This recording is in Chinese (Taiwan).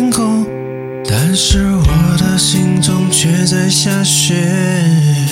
天空，但是我的心中卻在下雪。